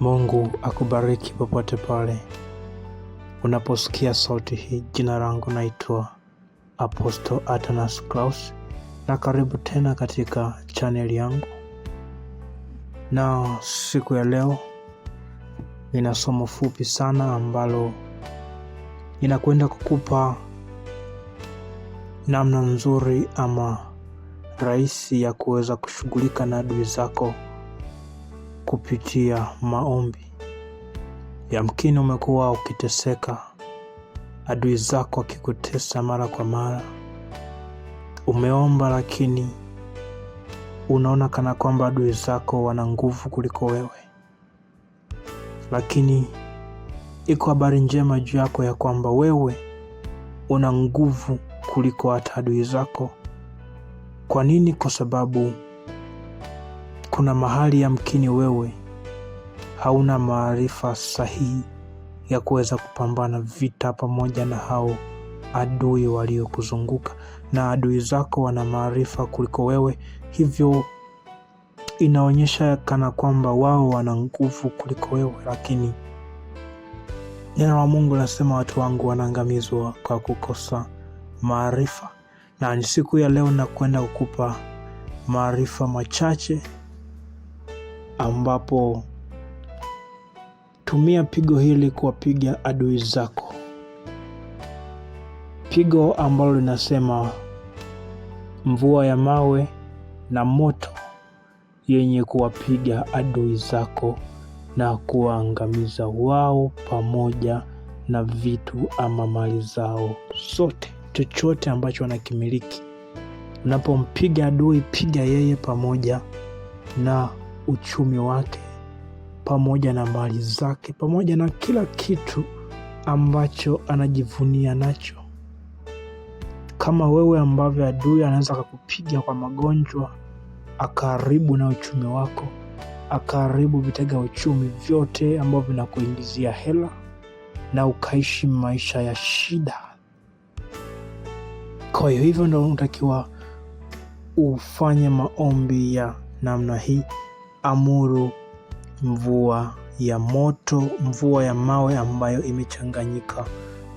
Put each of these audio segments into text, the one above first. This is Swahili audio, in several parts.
Mungu akubariki popote pale unaposikia sauti hii. Jina langu naitwa Apostle Atanas Claus, na karibu tena katika chaneli yangu, na siku ya leo nina somo fupi sana ambalo inakwenda kukupa namna nzuri ama rahisi ya kuweza kushughulika na adui zako kupitia maombi. Yamkini umekuwa ukiteseka, adui zako akikutesa mara kwa mara. Umeomba lakini unaona kana kwamba adui zako wana nguvu kuliko wewe, lakini iko habari njema juu yako ya kwamba wewe una nguvu kuliko hata adui zako. Kwa nini? Kwa sababu kuna mahali yamkini wewe hauna maarifa sahihi ya kuweza kupambana vita pamoja na hao adui waliokuzunguka, na adui zako wana maarifa kuliko wewe, hivyo inaonyesha kana kwamba wao wana nguvu kuliko wewe, lakini neno la Mungu linasema watu wangu wanaangamizwa kwa kukosa maarifa, na ni siku ya leo nakwenda kukupa maarifa machache ambapo tumia pigo hili kuwapiga adui zako, pigo ambalo linasema mvua ya mawe na moto yenye kuwapiga adui zako na kuwaangamiza wao pamoja na vitu ama mali zao zote, chochote ambacho wanakimiliki. Unapompiga adui, piga yeye pamoja na uchumi wake pamoja na mali zake pamoja na kila kitu ambacho anajivunia nacho. Kama wewe ambavyo adui anaweza akakupiga kwa magonjwa akaharibu na uchumi wako, akaharibu vitega uchumi vyote ambavyo vinakuingizia hela na ukaishi maisha ya shida. Kwa hiyo hivyo ndo unatakiwa ufanye maombi ya namna hii amuru mvua ya moto, mvua ya mawe ambayo imechanganyika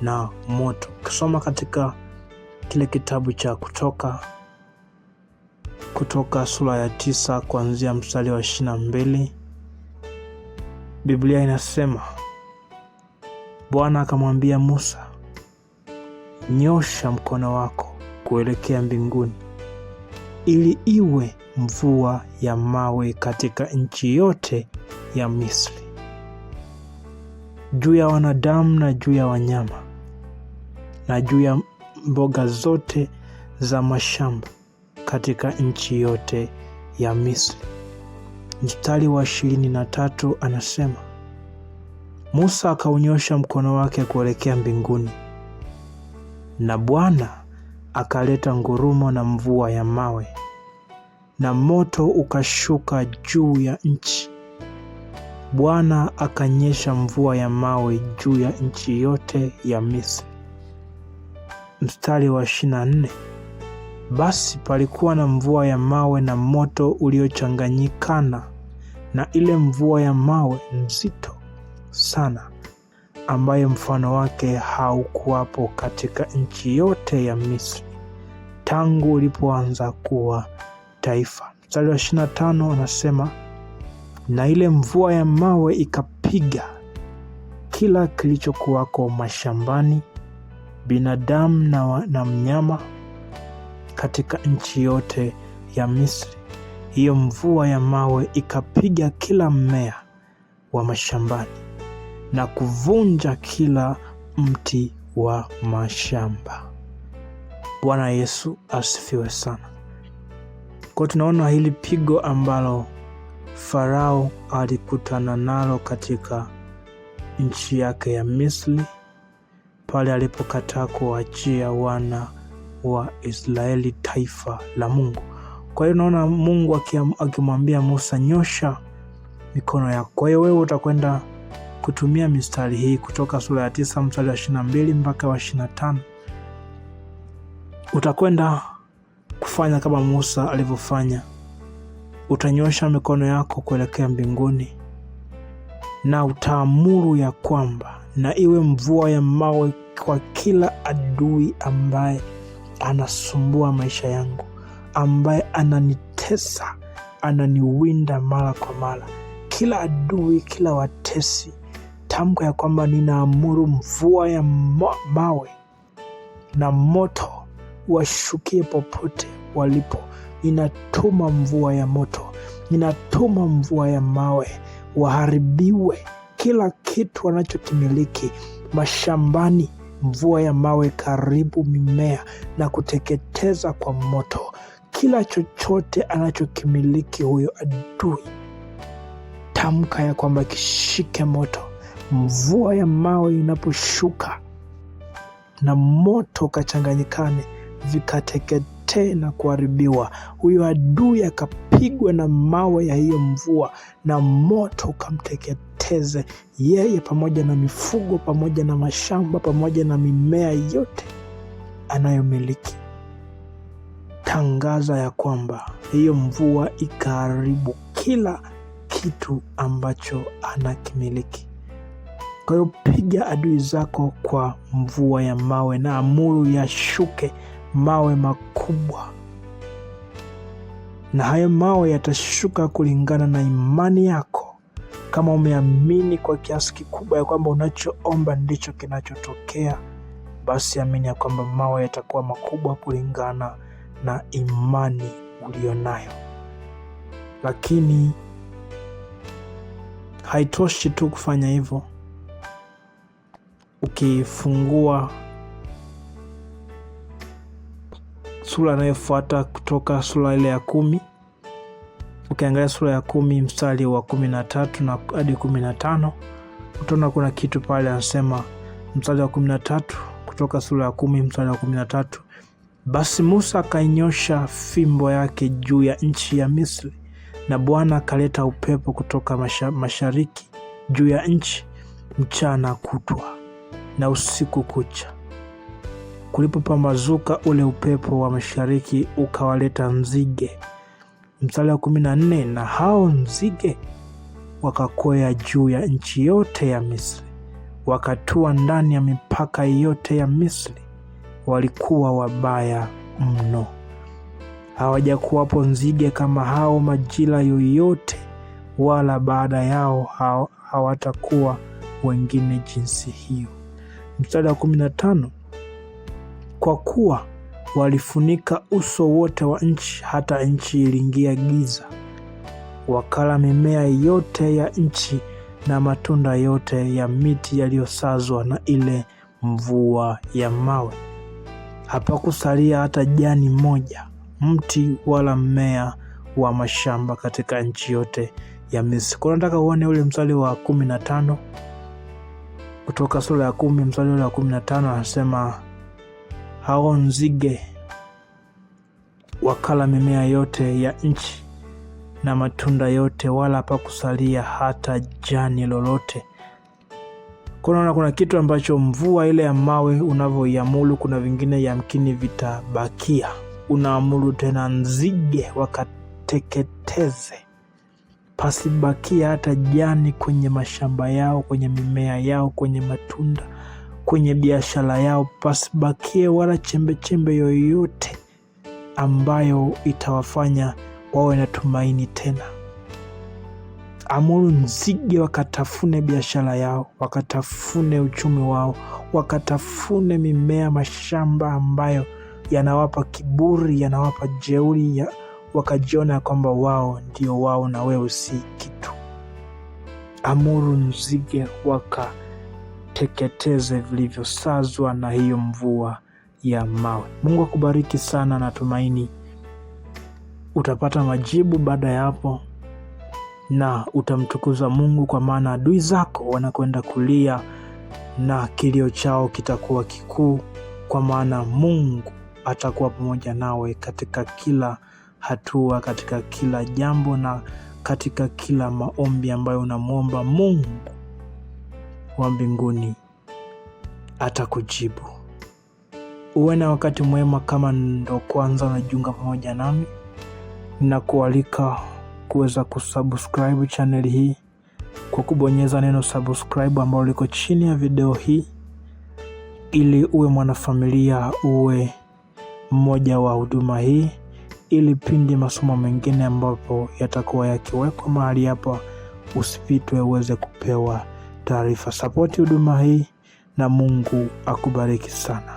na moto. Ukisoma katika kile kitabu cha Kutoka, Kutoka sura ya tisa kuanzia mstari wa ishirini na mbili Biblia inasema Bwana akamwambia Musa, nyosha mkono wako kuelekea mbinguni ili iwe mvua ya mawe katika nchi yote ya Misri, juu ya wanadamu na juu ya wanyama na juu ya mboga zote za mashamba katika nchi yote ya Misri. Mstari wa ishirini na tatu anasema Musa akaunyosha mkono wake kuelekea mbinguni, na Bwana akaleta ngurumo na mvua ya mawe, na moto ukashuka juu ya nchi. Bwana akanyesha mvua ya mawe juu ya nchi yote ya Misri. Mstari wa 24. Basi palikuwa na mvua ya mawe na moto uliochanganyikana na ile mvua ya mawe mzito sana, ambaye mfano wake haukuwapo katika nchi yote ya Misri tangu ulipoanza kuwa taifa. Mstari wa 25 anasema, na ile mvua ya mawe ikapiga kila kilichokuwako mashambani, binadamu na, na mnyama katika nchi yote ya Misri. Hiyo mvua ya mawe ikapiga kila mmea wa mashambani na kuvunja kila mti wa mashamba. Bwana Yesu asifiwe sana. Kwa tunaona hili pigo ambalo Farao alikutana nalo katika nchi yake ya Misri pale alipokataa kuachia wana wa Israeli taifa la Mungu. Kwa hiyo unaona Mungu akimwambia Musa, nyosha mikono yako. Kwa hiyo wewe utakwenda kutumia mistari hii kutoka sura ya tisa mstari wa 22 mpaka wa 25. Utakwenda kufanya kama Musa alivyofanya, utanyosha mikono yako kuelekea mbinguni na utaamuru ya kwamba na iwe mvua ya mawe kwa kila adui ambaye anasumbua maisha yangu, ambaye ananitesa, ananiwinda mara kwa mara, kila adui, kila watesi, tamka ya kwamba ninaamuru mvua ya mawe na moto washukie popote walipo. Ninatuma mvua ya moto, ninatuma mvua ya mawe, waharibiwe kila kitu wanachokimiliki mashambani. Mvua ya mawe karibu mimea na kuteketeza kwa moto kila chochote anachokimiliki huyo adui. Tamka ya kwamba kishike moto. Mvua ya mawe inaposhuka na moto kachanganyikane, vikateketee na kuharibiwa. Huyo adui akapigwa na mawe ya hiyo mvua, na moto ukamteketeze yeye pamoja na mifugo, pamoja na mashamba, pamoja na mimea yote anayomiliki. Tangaza ya kwamba hiyo mvua ikaharibu kila kitu ambacho anakimiliki. Kwa hiyo piga adui zako kwa mvua ya mawe na amuru yashuke mawe makubwa, na hayo mawe yatashuka kulingana na imani yako. Kama umeamini kwa kiasi kikubwa ya kwamba unachoomba ndicho kinachotokea, basi amini ya kwamba mawe yatakuwa makubwa kulingana na imani ulionayo. Lakini haitoshi tu kufanya hivyo. Ukifungua sura inayofuata kutoka sura ile ya kumi. Ukiangalia sura ya kumi mstari wa kumi na tatu na hadi kumi na tano utaona kuna kitu pale, anasema mstari wa kumi na tatu kutoka sura ya kumi mstari wa kumi na tatu basi Musa akainyosha fimbo yake juu ya nchi ya Misri, na Bwana akaleta upepo kutoka mashariki juu ya nchi mchana kutwa na usiku kucha, Kulipopambazuka ule upepo wa mashariki ukawaleta nzige. Mstari wa kumi na nne na hao nzige wakakwea juu ya nchi yote ya Misri, wakatua ndani ya mipaka yote ya Misri. Walikuwa wabaya mno, hawajakuwapo nzige kama hao majira yoyote, wala baada yao hawatakuwa wengine jinsi hiyo. Mstari wa kumi na tano kwa kuwa walifunika uso wote wa nchi, hata nchi iliingia giza. Wakala mimea yote ya nchi na matunda yote ya miti yaliyosazwa na ile mvua ya mawe. Hapakusalia hata jani moja, mti wala mmea wa mashamba katika nchi yote ya Misri. Kwa nataka uone ule mstari wa kumi na tano kutoka sura ya kumi mstari ule wa kumi na tano anasema hao nzige wakala mimea yote ya nchi na matunda yote, wala hapakusalia hata jani lolote. Kunaona kuna kitu ambacho mvua ile ya mawe unavyoiamuru, kuna vingine yamkini vitabakia. Unaamuru tena nzige wakateketeze, pasibakia hata jani kwenye mashamba yao, kwenye mimea yao, kwenye matunda kwenye biashara yao, pasibakie wala chembechembe yoyote ambayo itawafanya wawe na tumaini tena. Amuru nzige wakatafune biashara yao, wakatafune uchumi wao, wakatafune mimea, mashamba ambayo yanawapa kiburi, yanawapa jeuri ya, wakajiona kwamba wao ndio wao na wewe si kitu. Amuru nzige waka viteketeze vilivyosazwa na hiyo mvua ya mawe. Mungu akubariki sana, natumaini utapata majibu baada ya hapo na utamtukuza Mungu, kwa maana adui zako wanakwenda kulia na kilio chao kitakuwa kikuu, kwa maana Mungu atakuwa pamoja nawe katika kila hatua, katika kila jambo na katika kila maombi ambayo unamwomba Mungu wa mbinguni atakujibu. Uwe na wakati mwema. Kama ndo kwanza unajiunga pamoja nami, ninakualika kuweza kusubscribe chaneli hii kwa kubonyeza neno subscribe ambalo liko chini ya video hii, ili uwe mwanafamilia, uwe mmoja wa huduma hii, ili pindi masomo mengine ambapo yatakuwa yakiwekwa mahali hapa usipitwe, uweze kupewa taarifa. Sapoti huduma hii na Mungu akubariki sana.